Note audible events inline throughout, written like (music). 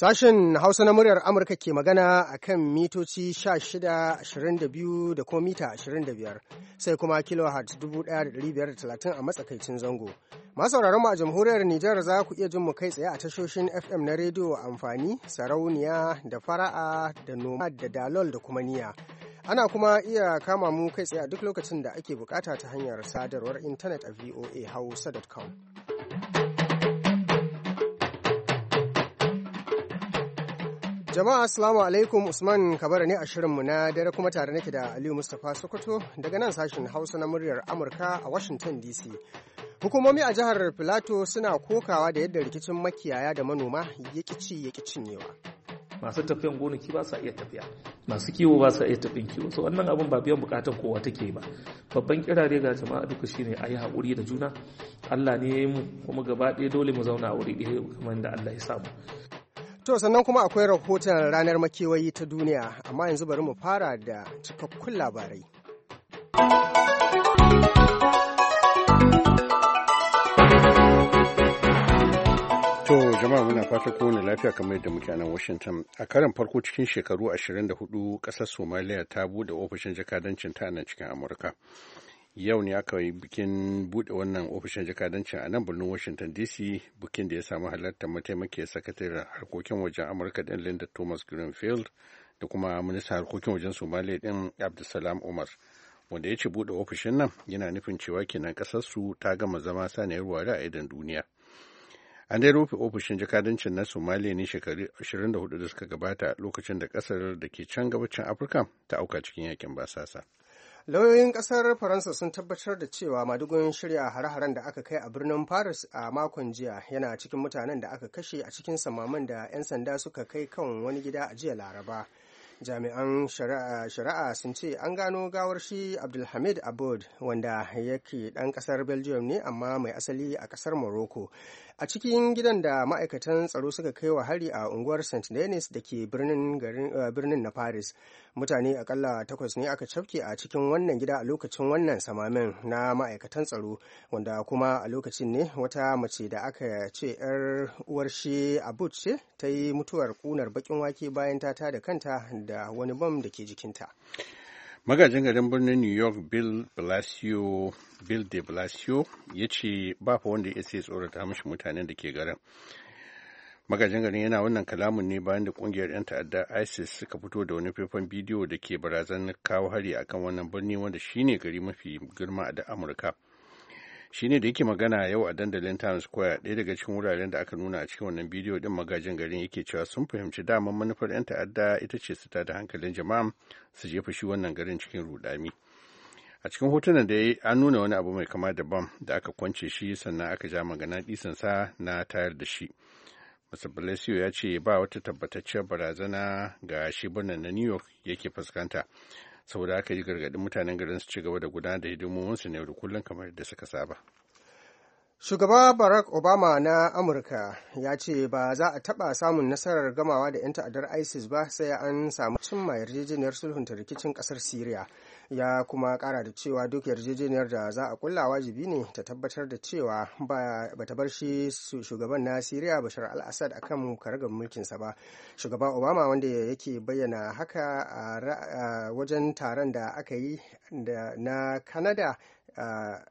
Sashen Hausa na muryar Amurka ke magana a kan mitoci 16.22 da kuma mita 25, sai kuma kilohertz 1530 a matsakaicin zango. Masu mu a jamhuriyar Nijar za ku iya jin mu kai tsaye a tashoshin FM na rediyo amfani, sarauniya da fara'a da noma da dalol da kuma niya. Ana kuma iya kama mu kai tsaye a duk lokacin da ake bukata ta hanyar sadarwar intanet a voahausa.com. Jama'a Assalamu alaikum Usman Kabara ne a shirinmu na dare kuma tare nake da Aliyu Mustapha Sokoto daga nan sashen Hausa na muryar Amurka a Washington DC. Hukumomi a jihar Filato suna kokawa da yadda rikicin makiyaya da manoma ya ci ya cinyewa. Masu tafiyan gonaki ba sa iya tafiya, masu kiwo ba sa iya tafiyan kiwo, so wannan abin ba biyan bukatar kowa take ba. Babban kirare ga jama'a duka shine a yi haƙuri da juna, Allah ne ya yi mu kuma gaba ɗaya dole mu zauna a wuri ɗaya kamar da Allah ya samu. To sannan kuma akwai rahoton ranar makewayi ta duniya, amma yanzu bari mu fara da cikakkun labarai. To jama'a muna fata kowane lafiya kamar yadda muke nan Washington. A karan farko cikin shekaru 24 ƙasar Somaliya ta buɗe ofishin jakadancin ta nan cikin Amurka. yau ne aka yi bikin buɗe wannan ofishin jakadancin a nan birnin washington dc bikin da ya samu halartar mataimakiyar sakataren harkokin wajen amurka din linda thomas greenfield da kuma minista harkokin wajen somalia din abdulsalam umar wanda ya ce buɗe ofishin nan yana nufin cewa kenan kasar su ta gama zama saniyar wari a idan duniya an dai rufe ofishin jakadancin na somaliya ne shekaru 24 da suka gabata lokacin da kasar da ke can gabacin afirka ta auka cikin yakin basasa lauyoyin kasar faransa sun tabbatar da cewa madugun shirya hare-haren da aka kai a birnin paris a makon jiya yana cikin mutanen da aka kashe a cikin samaman da 'yan sanda suka kai kan wani gida a jiya laraba jami'an shari'a sun ce an gano gawar shi abdulhamid abud wanda yake dan kasar belgium ne amma mai asali a kasar morocco a cikin gidan da ma'aikatan tsaro suka kai wa hari a unguwar st denis da ke birnin eh, na paris mutane akalla takwas ne aka cafke a cikin wannan gida a lokacin wannan samamin na ma'aikatan tsaro wanda kuma a lokacin ne wata mace da aka ce yar uwar shi abut ce ta yi mutuwar kunar bakin wake bayan ta tada kanta da wani bam da ke jikinta magajin garin birnin new york bill blasio bill de blasio ya ce ba fa wanda ya sai tsorata mashi mutanen da ke garin magajin garin yana wannan kalamun ne bayan da kungiyar 'yan ta'adda isis suka fito da wani faifan bidiyo da ke barazan kawo hari akan wannan birni wanda shine gari mafi girma da amurka shine da yake magana yau a dandalin Times Square ɗaya daga cikin wuraren da aka nuna a cikin wannan bidiyo din magajin garin yake cewa sun fahimci damar manufar 'yan ta'adda ita ce su tada hankalin jama'a su jefa shi wannan garin cikin rudami. a cikin hotunan da ya an nuna wani abu mai kama da bam da aka kwance shi sannan aka ja magana sa na tayar da shi Mr. ya ce ba wata tabbatacciyar barazana ga shi na New York yake fuskanta saboda aka yi gargaɗin mutanen garin su ci gaba da gudanar da na ne da kullum kamar yadda suka saba. Shugaba Barack Obama na Amurka ya ce ba za a taɓa samun nasarar gamawa da 'yan ta'addar ISIS ba sai an samu cimma yarjejeniyar sulhunta rikicin ƙasar Siriya. Ya kuma ƙara da cewa duk yarjejeniyar da za a kulla wajibi ne ta tabbatar da cewa ba ta bar shi shugaban na Siriya Bashar al-Assad kan karagar mulkinsa ba. Shugaba Obama wanda yake bayyana haka a wajen taron da aka yi na kanada.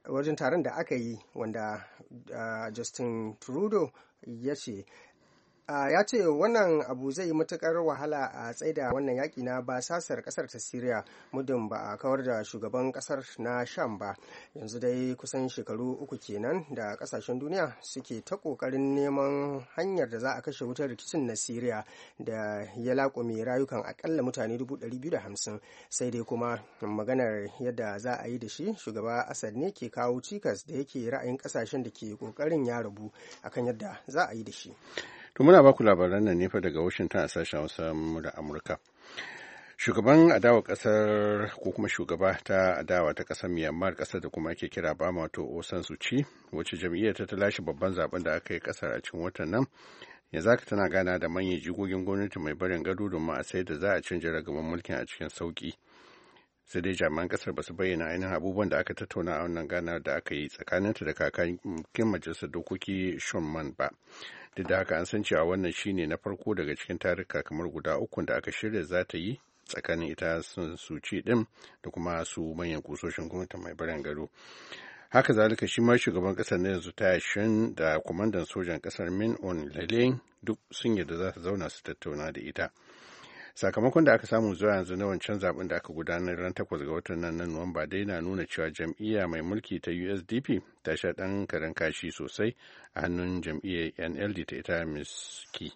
wajen taron da aka yi wanda justin trudeau ya ce ya ce wannan abu zai yi matukar wahala a tsaida wannan yaki na basasar kasar ta Siriya mudin ba a kawar da shugaban kasar na Sham ba. Yanzu dai kusan shekaru uku kenan da kasashen duniya suke ta kokarin neman hanyar da za a kashe wutar rikicin na Siriya da ya laƙume rayukan akalla mutane 250 sai dai kuma maganar yadda za a yi da shi shugaba Asad ne ke kawo cikas da yake ra'ayin kasashen da ke kokarin ya rabu akan yadda za a yi da shi. To muna baku labaran nan ne fa daga Washington a sashen Hausa da Amurka. Shugaban adawa kasar ko kuma shugaba ta adawa ta kasar Myanmar kasar da kuma ake kira Bama to Osan Suci wacce jam'iyyar ta lashe babban zaben da aka yi kasar a cikin watan nan yanzu haka tana gana da manyan jigogin gwamnati mai barin gado domin a sai da za a canja ragaman mulkin a cikin sauki. sai dai jami'an kasar ba su bayyana ainihin abubuwan da aka tattauna a wannan gana da aka yi tsakaninta da kakakin majalisar dokoki shunman ba duk da haka an san cewa wannan shine na farko daga cikin tarika kamar guda uku da aka shirya za ta yi tsakanin ita sun su ci din da kuma su manyan kusoshin gwamnati mai barin gado haka zalika shi ma shugaban kasar na yanzu tashin da kwamandan sojan kasar min on lale duk sun yadda za su zauna su tattauna da ita sakamakon da aka samu zuwa yanzu na wancan zaben da aka gudanar ran takwas ga watan nan na nuwamba dai na nuna cewa jam'iyya mai mulki ta usdp ta sha dan karen kashi sosai a hannun jam'iyyar nld ta ita miski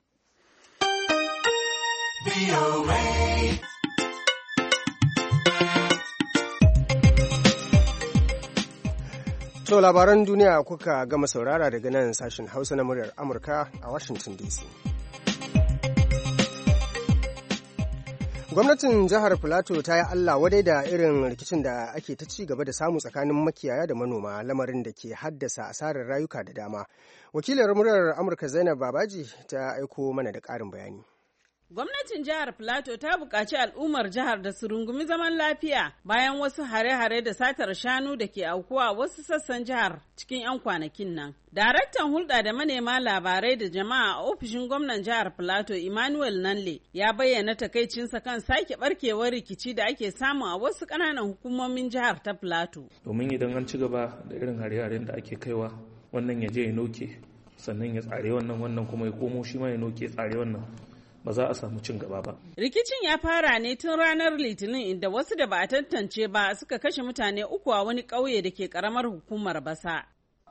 To labaran duniya kuka gama saurara daga nan sashen hausa na muryar amurka a washington dc Gwamnatin jihar Filato ta yi Allah wadai da irin rikicin da ake ta ci gaba da samu tsakanin makiyaya da manoma lamarin da ke haddasa asarar rayuka da dama. Wakilar murar Amurka Zainab Babaji ta aiko mana da ƙarin bayani. Gwamnatin jihar Plateau ta buƙaci al'ummar jihar da su rungumi zaman lafiya bayan wasu hare-hare da satar shanu da ke aukuwa wasu sassan jihar cikin 'yan kwanakin nan. Daraktan hulɗa da manema labarai da jama'a a ofishin gwamnan jihar Plateau Emmanuel Nanle ya bayyana takaicinsa kan sake barkewar rikici da ake samu a wasu ƙananan hukumomin jihar ta Plateau. Domin idan an ci gaba da irin hare-haren da ake kaiwa wannan ya je ya noke sannan ya tsare wannan wannan kuma ya komo shi ma ya noke tsare wannan. ba za a samu cin gaba ba. Rikicin ya fara ne tun ranar Litinin inda wasu da ba a tantance ba suka kashe mutane uku a wani ƙauye da ke ƙaramar hukumar Basa.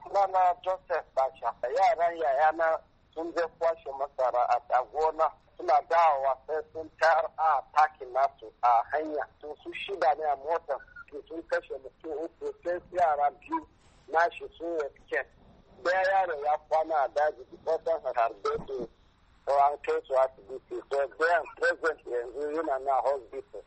Sunana Joseph Basha, yaran yayana sun je kwashe masara a gona suna dawowa sai sun tayar a takin nasu a hanya. To su shida ne a motar sun kashe mutum uku sai yara biyu nashi sun yi Daya yaro ya kwana a daji, ɗan harbe ko an kai su asibiti ko bayan present yanzu yana na hospital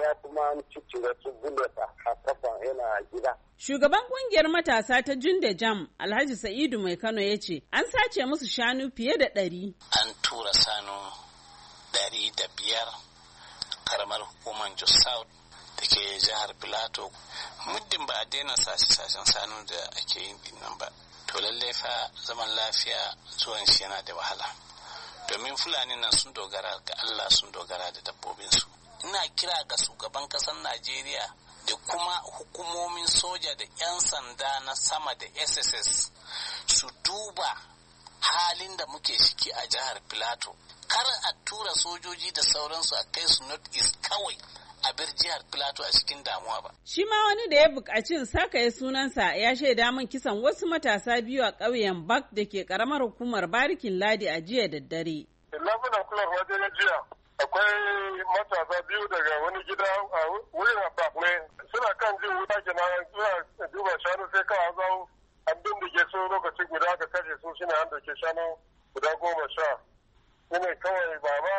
ya kuma an ciccire su bullet a kafan yana gida. Shugaban kungiyar matasa ta Junda Jam Alhaji Sa'idu Mai Kano ya ce an sace musu shanu fiye da ɗari. An tura sanu ɗari da biyar karamar hukumar Jos South da ke jihar Filato. Muddin ba a daina sace-sacen sanu da ake yin dinnan ba. To lallai fa zaman lafiya zuwan shi yana da wahala. domin fulani nan sun dogara ga Allah sun dogara da dabbobinsu ina kira ga shugaban kasar Najeriya da kuma hukumomin soja da 'yan sanda na sama da SSS su duba halin da muke ciki a jihar Filato kar a tura sojoji da sauransu a kai su north east kawai a jihar Filato a cikin damuwa ba. Shi ma wani da ya buƙaci saka ya sunansa ya shaida min kisan wasu matasa biyu a ƙauyen Bak da ke ƙaramar hukumar Barikin Ladi a jiya da dare. Lafunan kular wajen jiya akwai matasa biyu daga wani gida a wurin ne suna kan jin wuta kenan suna duba shanu sai kawai zau an bindige su lokaci guda ka kashe su shine an dauke shanu guda goma sha. Ina kawai baba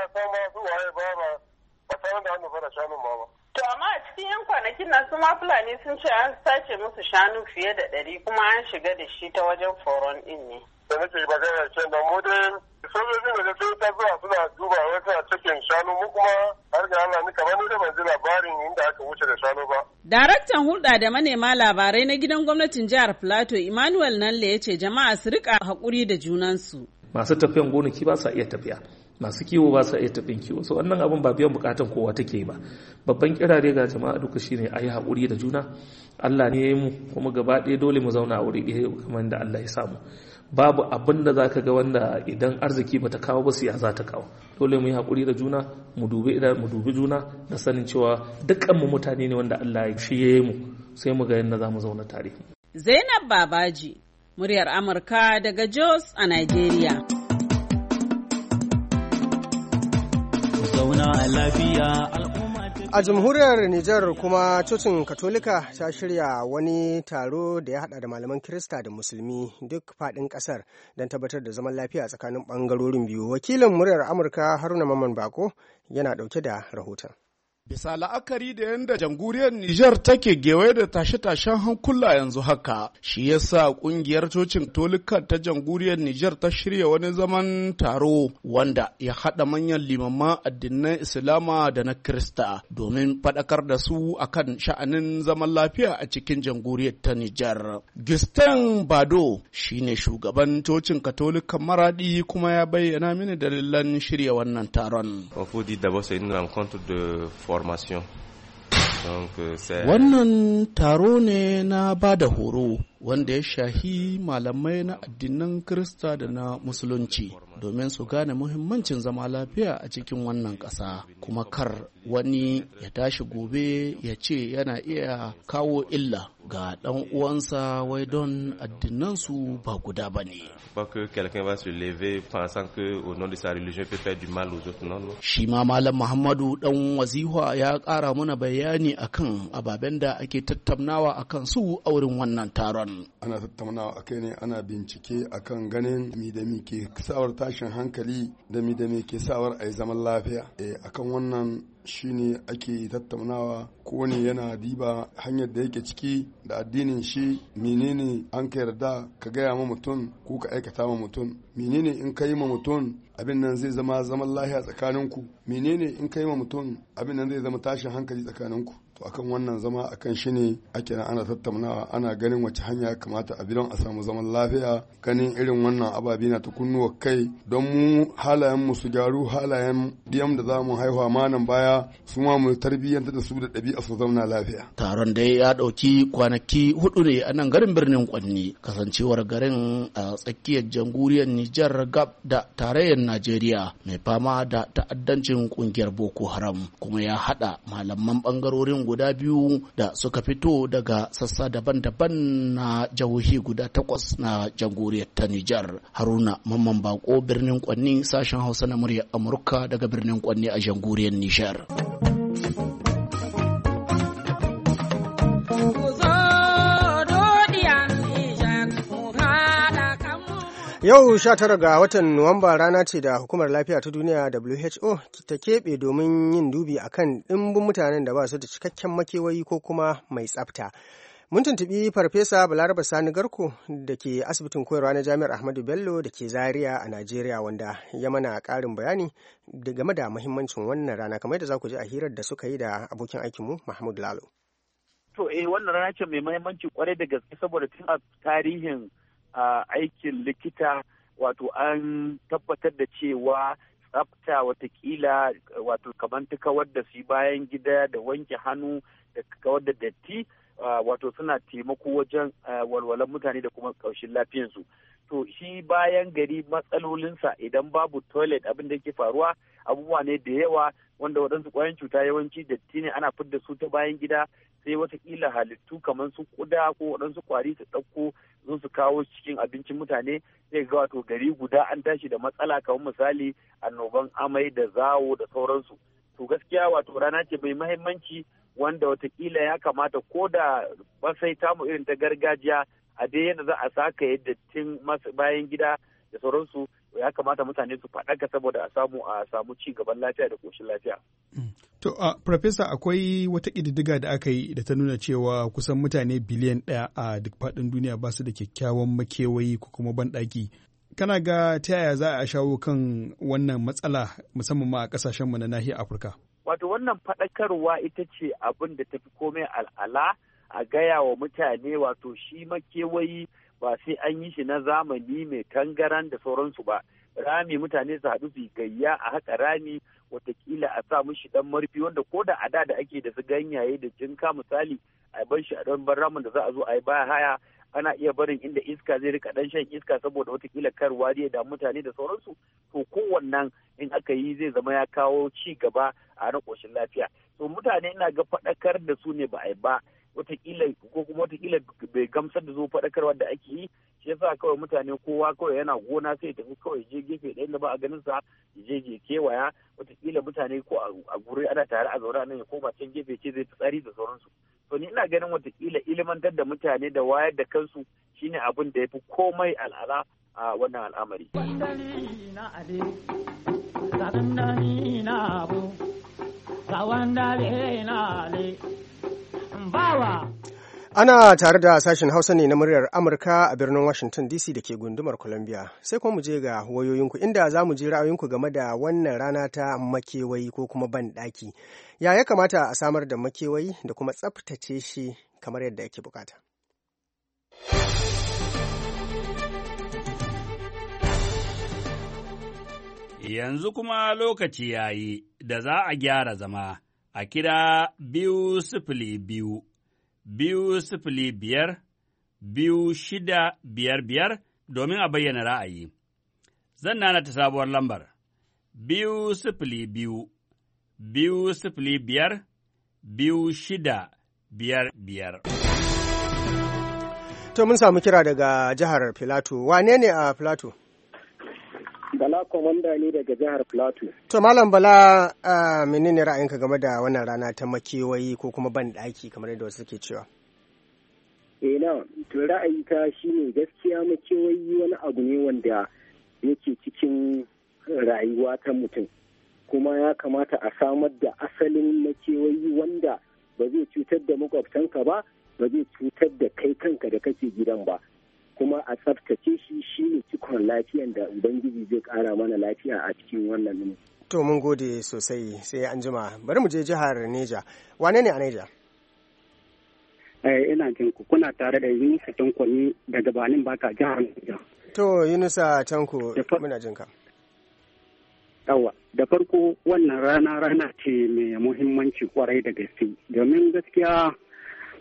fara shanu ba ba. To amma a cikin yan kwanakin nan su ma Fulani sun ce an sace musu shanu fiye da ɗari kuma an shiga da shi ta wajen foron ɗin ne. Da nake magana ce na mu dai sojojin da sai ta zuwa suna duba wai suna cikin shanu mu kuma har ga Allah ni kamar ni da ban ji labarin inda aka wuce da shanu ba. Daraktan hulɗa da manema labarai na gidan gwamnatin jihar Filato Emmanuel Nalle ya ce jama'a su rika haƙuri da junansu. Masu tafiyan gonaki ba sa iya tafiya. masu kiwo ba su iya tafin kiwo so wannan abin ba biyan bukatan kowa take yi ba babban kirare ga jama'a duka shine a yi haƙuri da juna Allah ne ya mu kuma gaba ɗaya dole mu zauna a wuri ɗaya kamar da Allah ya samu babu abin da zaka ga wanda idan arziki bata kawo ba siya za ta kawo dole mu yi haƙuri da juna mu dubi mu dubi juna da sanin cewa dukkan mu mutane ne wanda Allah ya ya mu sai mu ga yadda za mu zauna tare Zainab Babaji muryar Amurka daga Jos a Nigeria A jamhuriyar Nijar kuma cocin Katolika ta shirya wani taro da ya hada da malaman Kirista da Musulmi duk faɗin ƙasar don tabbatar da zaman lafiya tsakanin ɓangarorin biyu. Wakilin muryar Amurka Haruna Mamman Bako yana ɗauke da rahoton. Bisa la'akari da yadda jamhuriyar Nijar take gewaye da tashe-tashen hankula yanzu haka, shi yasa kungiyar cocin tolikan ta jamhuriyar Nijar ta shirya wani zaman taro wanda ya haɗa manyan limaman addinan Islama da na Kirista domin faɗakar da su akan sha'anin zaman lafiya a cikin jamhuriyar ta Nijar. Gistan Bado shine shugaban cocin katolikan maraɗi, kuma ya bayyana mini dalilan shirya wannan taron. formation. Euh, Wannan taro ne na ba da horo wanda ya shahi malamai na addinan Kirista da na Musulunci domin su gane muhimmancin zama lafiya a cikin wannan ƙasa kuma kar wani ya tashi gobe ya ce yana iya kawo illa ga ɗan uwansa wai don addinansu ba guda ba ne. Shi ma Malam Muhammadu ɗan waziwa ya ƙara mana bayani akan ababen da ake tattaunawa akan su a wurin wannan taron. ana tattaunawa a kai ne ana bincike a kan ganin mi da mi ke sawar tashin hankali da mi da mi ke sawar a yi zaman lafiya eh, a kan wannan shi ne ake tattaunawa ko ne yana diba hanyar da yake ciki da addinin shi menene an ka yarda ka gaya ma mutum ko ka aikata ma mutum menene in ka yi ma mutum abin nan zai zama zaman lahiya tsakaninku menene in ka yi ma mutum abin nan zai zama tashin hankali tsakaninku to akan wannan zama akan shi ne ake na ana tattaunawa ana ganin wace hanya kamata a bidon a samu zaman lafiya ganin irin wannan ababi na ta kunnuwa kai don mu halayen mu su gyaru halayen diyam da za mu haihuwa ma nan baya su ma mu tarbiyyanta da su da ɗabi'a su zauna lafiya. taron dai ya ɗauki kwanaki hudu ne a nan garin birnin kwanni kasancewar garin a tsakiyar jamhuriyar nijar gab da tarayyar najeriya mai fama da ta'addancin ƙungiyar boko haram kuma ya haɗa malaman ɓangarorin guda biyu da suka fito daga sassa daban-daban na jihohi guda takwas na jamhuriyar ta Nijar. Haruna Mamman Bako birnin Kwanni sashen Hausa na muryar Amurka daga birnin Kwanni a jamhuriyar Nijar. Yau sha 19 ga watan Nuwamba rana ce da Hukumar Lafiya ta Duniya WHO ta keɓe domin yin dubi a kan ɗimbin mutanen da ba su da cikakken makewayi ko kuma mai tsafta. Mun tuntuɓi Farfesa Balaraba Sani Garko da ke asibitin koyarwa na Jami'ar Ahmadu Bello da ke Zaria a Najeriya wanda ya mana ƙarin bayani game da mahimmancin wannan rana kamar yadda za ku ji a hirar da suka yi da abokin aikinmu Mahmud Lalo. To eh wannan rana ce mai muhimmanci kwarai da gaske saboda tun a tarihin aikin likita wato an tabbatar da cewa tsafta watakila wato kamar ta kawar da su bayan gida da wanke hannu da kawar da datti wato suna taimako wajen walwalan mutane da kuma ƙaushin lafiyarsu to shi bayan gari matsalolinsa idan babu toilet abin da ke faruwa abubuwa ne da yawa wanda waɗansu ƙwayan cuta yawanci datti ne ana fidda su ta bayan gida sai watakila halittu kamar su kuda ko waɗansu kwari su ɗauko zo su kawo cikin abincin mutane sai ga wato gari guda an tashi da matsala kamar misali annoban amai da zawo da sauransu to gaskiya wato rana ce mai mahimmanci wanda watakila ya kamata ko da masai tamu irin ta gargajiya a dai yadda za a saka yadda tun bayan gida da sauransu ya kamata mutane su faɗaka saboda a samu a samu ci gaban lafiya da koshin lafiya. Mm. To, a Profesa, akwai wata ƙididdiga da aka yi da ta nuna cewa kusan mutane biliyan ɗaya a duk faɗin duniya ba su da kyakkyawan makewayi ko kuma banɗaki. kana ga ta yaya za a shawo kan wannan matsala musamman ma a kasashen mu na nahiyar afirka wato wannan faɗakarwa ita ce abin da tafi komai al'ala a gaya wa mutane wato shi makewayi ba sai an yi shi na zamani mai tangaran da sauransu ba rami mutane su haɗu su gayya a haka rami watakila a sa mishi dan marfi wanda ko da a da da ake da su ganyaye da jinka misali a bar shi a dan bar ramin da za a zo a yi baya haya ana iya barin inda iska zai rika dan shan iska saboda watakila kar wariya da mutane da sauransu to kowannan in aka yi zai zama ya kawo ci gaba a na koshin lafiya to mutane ina ga faɗakar da su ne ba a yi ba watakila ko kuma watakila bai gamsar da zo faɗakarwa da ake yi shi yasa kawai mutane kowa kawai yana gona sai tafi kawai je gefe ɗaya da ba a ganin sa je je kewaya watakila mutane ko a guri ana tare a zaune nan ya koma can gefe ce zai tsari da sauransu to ni ina ganin watakila ilimantar da mutane da wayar da kansu shine abin da ya fi komai al'ala a wannan al'amari. Ana tare da sashen Hausa ne na muryar Amurka a birnin Washington DC da ke gundumar Columbia. Sai kuma mu je ga wayoyinku inda za mu je ra'ayinku game da wannan rana ta makewayi ko kuma banɗaki. Ya ya kamata a samar da makewayi da kuma tsaftace shi kamar yadda ake bukata. Yanzu kuma lokaci ya yi da za a gyara zama a kira biyu sifili biyu. biyu sifili biyar biyu shida biyar biyar domin a bayyana ra'ayi. Zan nana ta sabuwar lambar biyu sifili biyu biyu sifili biyar biyu shida biyar biyar. To mun samu kira daga jihar Filato, wane ne a Filato? Bala kwamanda ne daga jihar Plateau. To Malam Bala menene ra'ayinka game da wannan rana ta makewayi ko kuma ban daki kamar yadda wasu suke cewa? Eh na, to ra'ayi ta ne gaskiya makewayi wani abu ne wanda yake cikin rayuwa ta mutum. Kuma ya kamata a samar da asalin makewayi wanda ba zai cutar da makwabtanka ba, ba zai cutar da kai kanka da kake gidan ba. kuma a tsaftace shi shine cikon lafiyan da ubangiji zai kara mana lafiya a cikin wannan ne to mun gode sosai sai an jima bari mu je jihar neja wane ne a neja eh, ina jin ku kuna tare da yunusa tanko ne daga banin baka jihar neja to yunusa tanko muna jin ka yawa da farko wannan rana rana ce mai muhimmanci kwarai da gaske domin gaskiya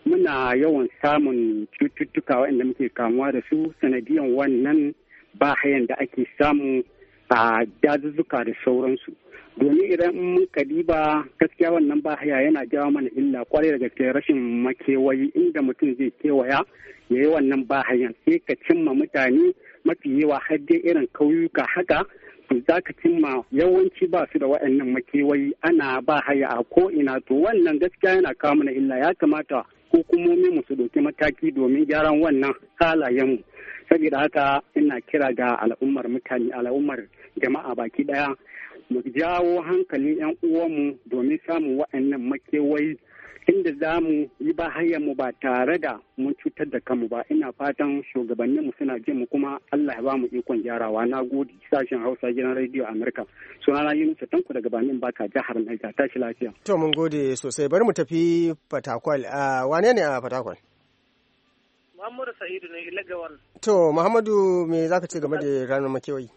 muna yawan samun cututtuka waɗanda muke kamuwa da su sanadiyan wannan bahayan da ake samu a dazuzzuka da sauransu domin idan mun kadiba gaskiya wannan bahaya yana jawo mana illa kwarai da gaske rashin makewayi inda mutum zai kewaya ya yi wannan bahayan sai ka cimma mutane mafi yawa har dai irin kauyuka haka to za ka cimma yawanci ba su da waɗannan makewayi ana ba haya a ko ina to wannan gaskiya yana kawo mana illa ya kamata hukumomi mu su ɗauki mataki domin gyaran wannan halayenmu saboda haka ina kira ga al'ummar mutane al'ummar jama'a baki ɗaya mu jawo hankalin 'yan uwanmu domin samun waɗannan makewayi inda za mu yi ba mu ba tare da mun cutar da kanmu ba ina fatan shugabanninmu suna jin mu kuma Allah ya ba mu ikon gyarawa na gode sashen Hausa gidan Radio America yin Yunus tanku daga Banin Baka jihar Niger tashi lafiya to mun gode sosai bari mu tafi Fatakwal wane ne a Fatakwal Muhammadu Sa'idu ne Ilagawan to Muhammadu me zaka ce game da ranar makewayi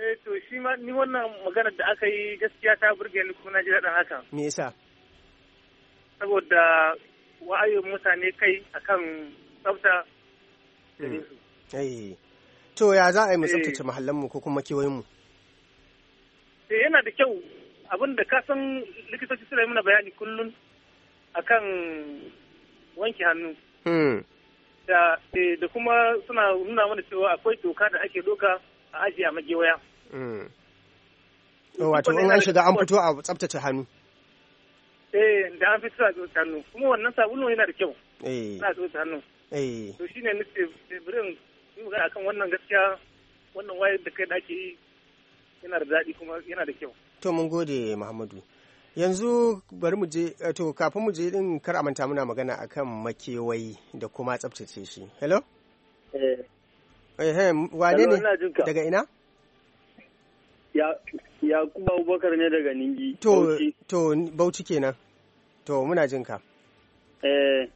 Eh to shi ma ni wannan magana da aka yi gaskiya ta burge ni kuma na ji daɗin hakan me yasa saboda wa'ayin mutane kai akan tsafta hmm. to ya za a yi mu eh. tsaftace mahallanmu ko kuma kewayenmu eh, yana da kyau abin da ka san likitoci suna mana bayani kullum akan wanke hannu hmm. da eh, da kuma suna nuna mana cewa akwai doka da ake doka a ajiye a magewaya hmm. wato in an shiga an fito a tsaftace hannu eh da an fi sa tsotsa hannu kuma wannan sabulun yana da kyau sa eh. tsotsa hannu eh. to shine ni ce birin yi magana akan wannan gaskiya wannan wayar da kai da ake yi yana da daɗi kuma yana da kyau to mun gode Muhammadu yanzu bari mu je eh, to kafin mu je din kar a manta muna magana akan makewayi da kuma tsabtace shi hello eh eh wane ne daga ina ya Yakubu Abubakar ne daga Ningi. To, to, Bauchi kenan. To, muna jin ka. Eh.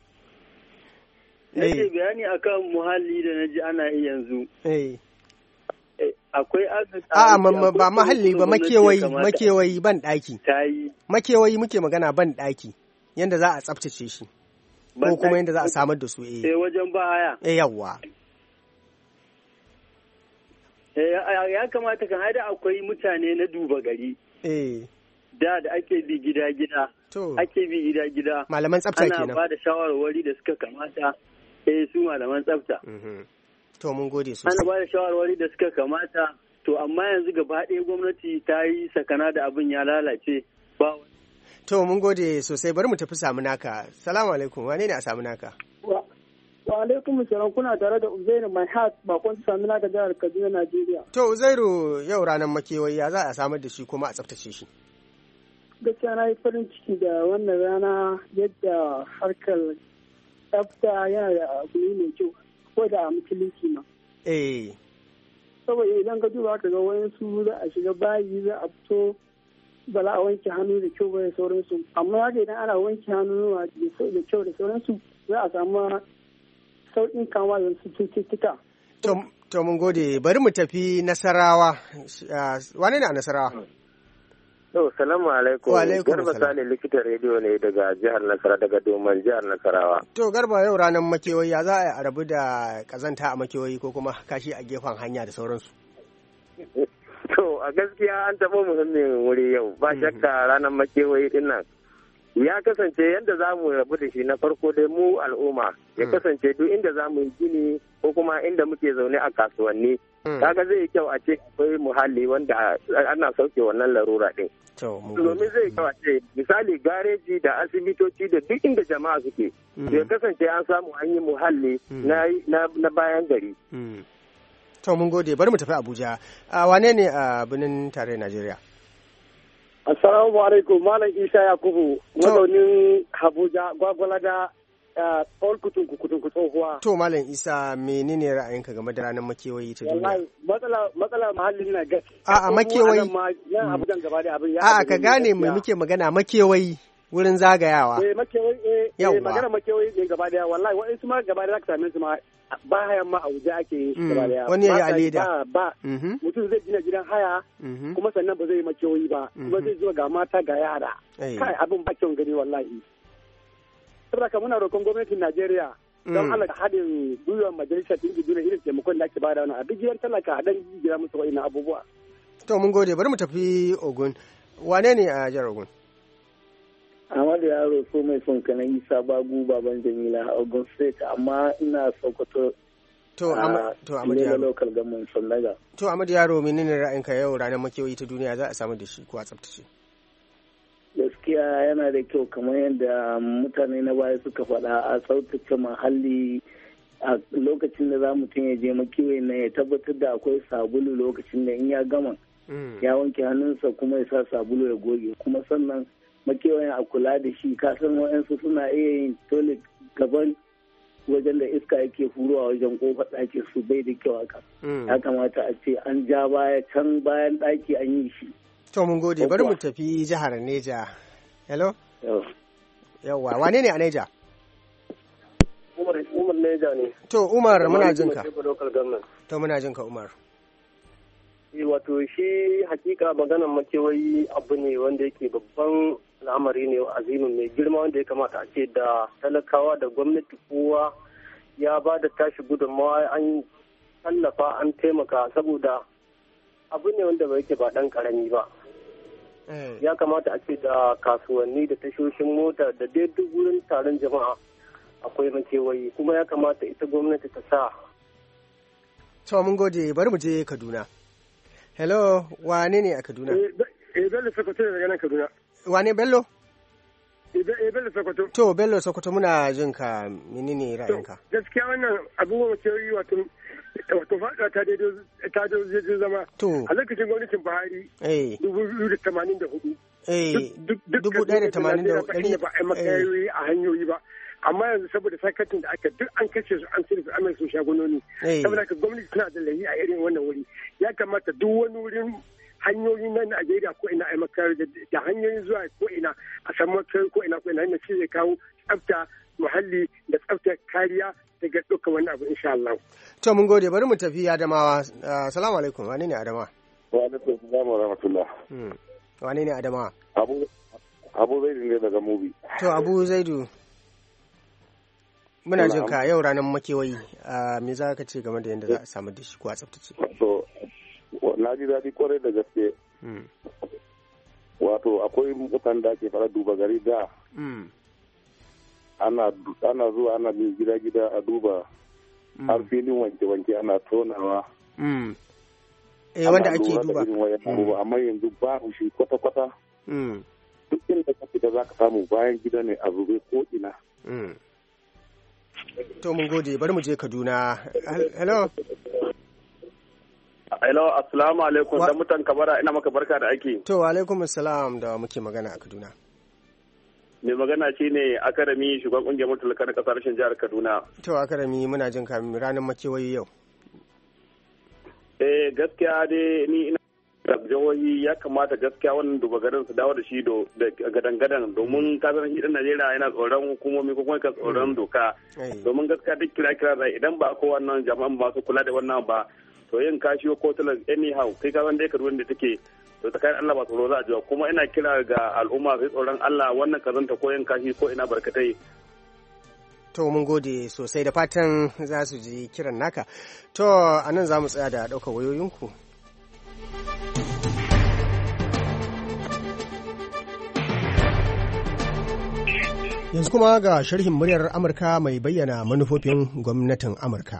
Nake eh. bayani akan muhalli da naji ana yi yanzu. Eh. eh akwai A'a, ba mahalli ba makewayi, makewayi ban ɗaki. Makewayi muke magana ban ɗaki, yanda za a tsaftace shi. Ko kuma yanda za a samar da su eh. Eh wajen ba haya. Eh yawwa. Eh, ya kamata kan haida akwai mutane na duba gari eh. da da ake bi gida gida ake bi gida gida malaman tsafta kenan ana ba da shawarwari da suka kamata eh su malaman tsafta mhm. to mun gode sosai ana ba da shawarwari da suka kamata to amma yanzu gaba ɗaya gwamnati ta yi sakana da abin ya lalace ba to mun gode sosai bari mu tafi samu naka salamu alaikum wane ne a samu naka Wa alaikum salam kuna tare da Uzairu mai hat bakon samina ga jihar Kaduna Najeriya. To Uzairu yau ranar makewayi ya za a samar da shi kuma a tsaftace shi. Gaskiya na yi farin ciki da wannan rana yadda harkar tsafta yana da abu ne mai kyau ko da a musulunci ma. Eh. Saboda idan ka duba ka ga wayansu za a shiga bayi za a fito ba za a wanke hannu da kyau ba da sauransu amma haka idan ana wanke hannu da kyau da sauransu za a samu sauƙin kama da su cututtuka. To mun gode bari mu tafi nasarawa wani ne a nasarawa? To salamu alaikum. Wa alaikum Garba Sani likitan rediyo ne daga jihar Nasarawa daga Doman jihar Nasarawa. To Garba yau ranar makewayi ya za a rabu da kazanta a makewayi ko kuma kashi a gefen hanya da sauransu. (laughs) To a gaskiya an taɓa muhimmin wuri yau ba shakka ranar makewayi dinnan. ya kasance yadda za mu rabu da shi na farko dai mu al'umma ya hmm. kasance duk inda za mu yi gini ko kuma inda muke zaune a kasuwanni hmm. kaga zai yi kyau a ce akwai muhalli wanda ana sauke wannan larura ɗin domin zai kyau a ce misali gareji da asibitoci da duk inda jama'a suke hmm. ya kasance an samu an yi muhalli na bayan gari to mun gode bari mu tafi abuja wane ne a birnin tarayyar najeriya Assalamu alaikum Malam Isa Yakubu mazaunin Habuja gwagwala da Paul kutun kutun tsohuwa. To Malam Isa menene ra'ayinka game da ranar makewayi ta duniya? Matsala matsala mahallin na gaske. A'a makewayi. Mm. A'a ka gane mai muke magana makewayi. wurin zagayawa. Eh makewayi eh, eh magana makewayi ne gaba daya wallahi wa'ansu ma gaba da za ka same su ma ba haya ma a wuce ake yin shi mm. wani leda ba mm-hmm. mutum zai gina gidan haya mm-hmm. kuma sannan ba zai yi makewayi ba kuma mm-hmm. zai zuwa ga mata ga yara kai abin ba kyan gani wallahi saboda ka muna roƙon gwamnatin Najeriya don mm. Allah haɗin gwiwar majalisar ɗin duniya irin taimakon da ake bada wani a duk gidan talaka a dan gira musu wa'ina abubuwa to mun gode bari mu tafi Ogun wane ne a jihar Ogun amadu Yaro so mai son kana Isa Bagu baban Jamila a Ogun State amma ina Sokoto To Ahmadu Yaro To Ahmadu Yaro menene ra'ayinka yau ranar makiyoyi ta duniya za a samu da shi ko a tsaftace? Gaskiya yana da kyau kamar yadda mutane na baya suka faɗa a tsaftace muhalli a lokacin da za mutum ya je makiwayi na ya tabbatar da akwai sabulu lokacin da in ya gama mm. ya wanke hannunsa kuma ya sa sabulu ya goge kuma sannan makewayin a kula da shi kasan wa'yansu suna iya yin tole gaban wajen da iska yake furuwa wajen kofa ɗakin su bai da kyau haka hmm. ya kamata a ce an ja baya can bayan ɗaki an yi shi to mun gode bari mu tafi jihar neja hello yawa wane ne a neja umar neja ne to umar muna jinka to muna jinka umar eh, wato shi hakika maganan makewayi abu ne wanda yake babban al'amari ne azimin mai girma wanda ya kamata a ce da talakawa da gwamnati kowa ya ba da tashi gudunmawa an tallafa an taimaka saboda abu ne wanda ba yake ba dan karami ba eh. ya kamata a ce da kasuwanni da tashoshin mota da dai duk wurin taron jama'a akwai makewayi kuma ya kamata ita gwamnati ta sa to mun gode bari mu je kaduna hello wane ne a kaduna eh dole eh, sakwato daga nan kaduna wane bello eh, eh, bello sokoto to bello sokoto muna jin ka menene ra'ayinka gaskiya wannan abubuwan teori wato wato fada ta daidai ta zai zama to a lokacin gwamnatin Buhari eh 2084 eh hudu ba a makayoyi eh. a hanyoyi ba amma yanzu saboda sakatin da aka duk an kashe su an sai su amince su shagunoni saboda ka gwamnati tana da layi a irin wannan wuri ya kamata duk wani wurin hanyoyi na Najeriya ko ina a makar da hanyoyin zuwa ko ina a san makar ko ina ko ina hanyar shi zai kawo tsafta muhalli da tsafta kariya daga dukkan wani abu insha Allah. To mun gode bari mu tafi Adamawa. Assalamu ah, alaikum wani ne Adama? Wa alaikum salam wa rahmatullah. Hmm. Wani ne Adama? Abu Abu Zaidu ne daga Mubi. To Abu Zaidu muna jin ka yau ranar makewayi ah, me za ka ce game da yadda za a samu dashi ko a tsaftace. na ji daɗi kwarai da gaske hmm. wato akwai mutan da ake fara duba gari da hmm. ana zuwa ana bin gida-gida a duba hmm. har filin wanke-wanke ana tonawa eh, wanda ake duba amma yanzu ba shi kwata-kwata duk inda ka fita za ka samu bayan gida ne a zube ko ina to mun gode bari mu je kaduna hello Hello, assalamu alaikum da mutan kabara ina maka barka da ake. To, alaikum assalam da muke magana a Kaduna. Mai magana shi ne Akarami shugaban kungiyar mutulaka na kasar rashin jihar Kaduna. To, Akarami muna jin kamin ranar makewayi yau. Eh, gaskiya dai ni ina da jihohi ya kamata gaskiya wannan duba garin su dawo da shi da gadan-gadan domin kasar shi dan Najeriya yana tsoron hukumomi ko kuma tsoron mm. doka domin gaskiya duk kira-kira idan ba ko wannan jama'an masu kula da wannan ba to yin kashiyo ko talar anyhow kai ka wanda ka ruwan da take to tsakanin Allah ba tsoro za a jiwa kuma ina kira ga al'umma sai tsoron Allah wannan kazanta ko yin kashi ko ina barkatai to mun gode sosai da fatan za su ji kiran naka to a za mu tsaya da ɗaukar wayoyinku yanzu kuma ga sharhin muryar amurka mai bayyana manufofin gwamnatin amurka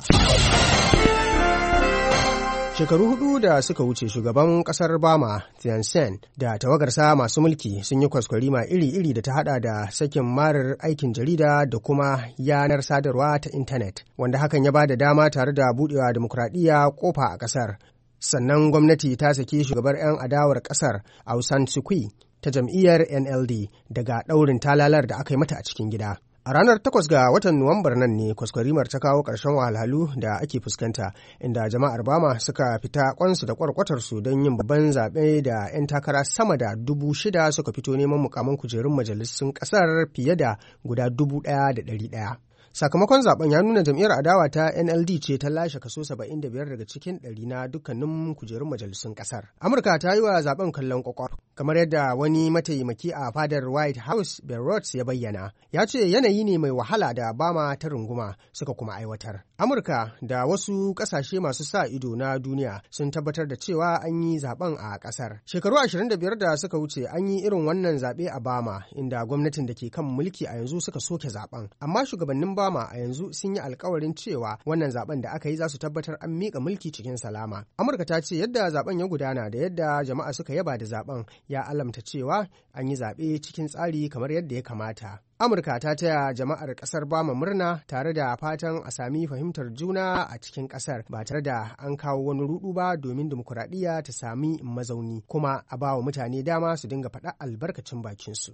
Shekaru hudu da suka wuce shugaban kasar Bama Tiansen da tawagarsa masu mulki sun yi kwaskwarima iri-iri da ta hada da sakin marar aikin jarida da kuma yanar sadarwa ta intanet wanda hakan ya ba da dama tare da budewa demokuraɗiyya kofa a kasar. Sannan gwamnati ta saki shugabar 'yan adawar kasar Aung San Suu ta jam'iyyar NLD daga ɗaurin talalar da aka yi mata a cikin gida. A ranar takwas ga watan Nuwambar nan ne kwaskwarimar ta kawo ƙarshen wahalhalu da ake fuskanta inda jama'ar Bama suka fita kwansu da kwarkwatarsu don yin babban zaɓe da 'yan takara sama da dubu shida suka fito neman mukamin kujerun majalisun ƙasar fiye da guda dubu ɗaya da ɗari ɗaya. Sakamakon zaben ya nuna jam'iyyar adawa ta NLD ce ta lashe kaso 75 daga cikin ɗari na dukkanin kujerun majalisun kasar. Amurka ta yi wa zaben kallon kwakwar kamar yadda wani mataimaki a fadar White House Ben Rhodes ya bayyana. Ya ce yanayi ne mai wahala da Bama ta runguma suka kuma aiwatar. Amurka da wasu kasashe masu sa ido na duniya sun tabbatar da cewa an yi zaben a kasar. Shekaru 25 da suka wuce an yi irin wannan zaɓe a Bama inda gwamnatin da ke kan mulki a yanzu suka soke zaben. Amma shugabannin Bama a yanzu sun yi alkawarin cewa wannan zaben da aka yi za su tabbatar an miƙa mulki cikin salama. Amurka ta ce yadda zaben ya gudana da yadda jama'a suka yaba da zaben ya alamta cewa an yi zaɓe cikin tsari kamar yadda ya kamata. Amurka ta taya jama'ar ƙasar Bama murna tare da fatan a sami fahimtar juna a cikin ƙasar. ba tare da an kawo wani rudu ba domin dimokuraɗiyya ta sami mazauni kuma a bawa mutane dama su dinga faɗa albarkacin bakinsu.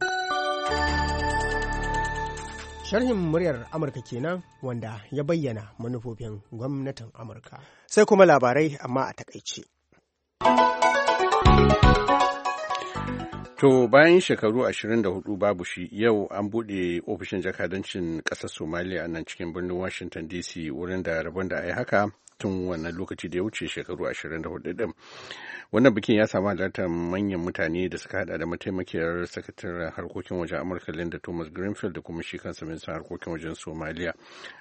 Sharhin muryar Amurka kenan wanda ya bayyana manufofin gwamnatin Amurka. Sai kuma labarai amma a takaice. To bayan shekaru 24 babu shi yau an buɗe ofishin jakadancin ƙasar somalia a nan cikin birnin Washington DC wurin da rabon da a yi haka tun wannan lokaci da ya wuce shekaru 24 din. Wannan bikin ya samu halartar manyan mutane da suka hada da mataimakiyar sakataren harkokin wajen Amurka Linda Thomas Greenfield da kuma shi kansa san harkokin wajen Somaliya.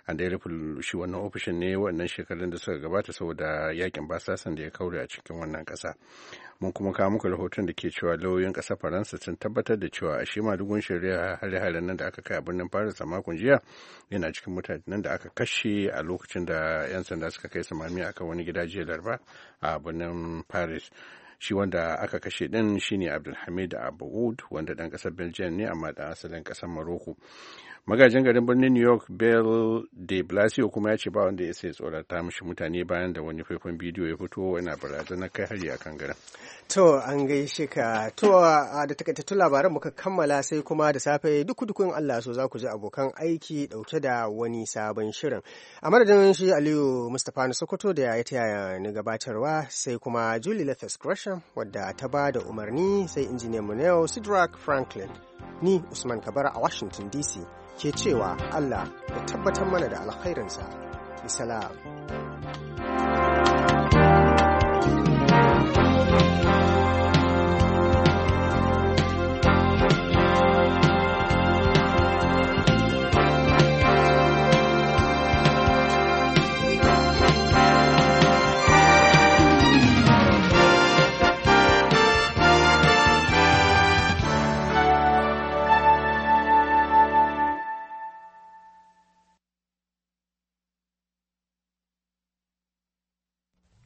An da ya shi wannan ofishin ne wannan shekarun da suka gabata saboda yakin basasan da ya kaure a cikin wannan kasa. mun kuma kawo muku rahoton da ke cewa lauyoyin ƙasar faransa sun tabbatar da cewa a shi madugun shari'a hare-haren nan da aka kai a birnin paris a makon jiya yana cikin mutane nan da aka kashe a lokacin da 'yan sanda suka kai samami akan wani gida jiya laraba a birnin paris shi wanda aka kashe din shine abdulhamid abuud wanda dan kasar belgium ne amma da asalin kasar maroko magajin garin birnin new york bill de blasio kuma ya ce ba wanda ya sai tsorata mashi mutane bayan da wani faifan bidiyo ya fito yana barazana kai hari a kan garin to an gaishe ka to da takaitattun labaran muka kammala sai kuma da safe duk dukun allah so za ku ji abokan aiki dauke da wani sabon shirin a madadin shi aliyu mustapha na sokoto da ya ta yaya ni gabatarwa sai kuma julie lethes gresham wadda ta ba da umarni sai injiniyan mu sidrak franklin Ni Usman Kabara a Washington DC ke cewa Allah ya tabbatar mana da alkhairinsa. Bisalam.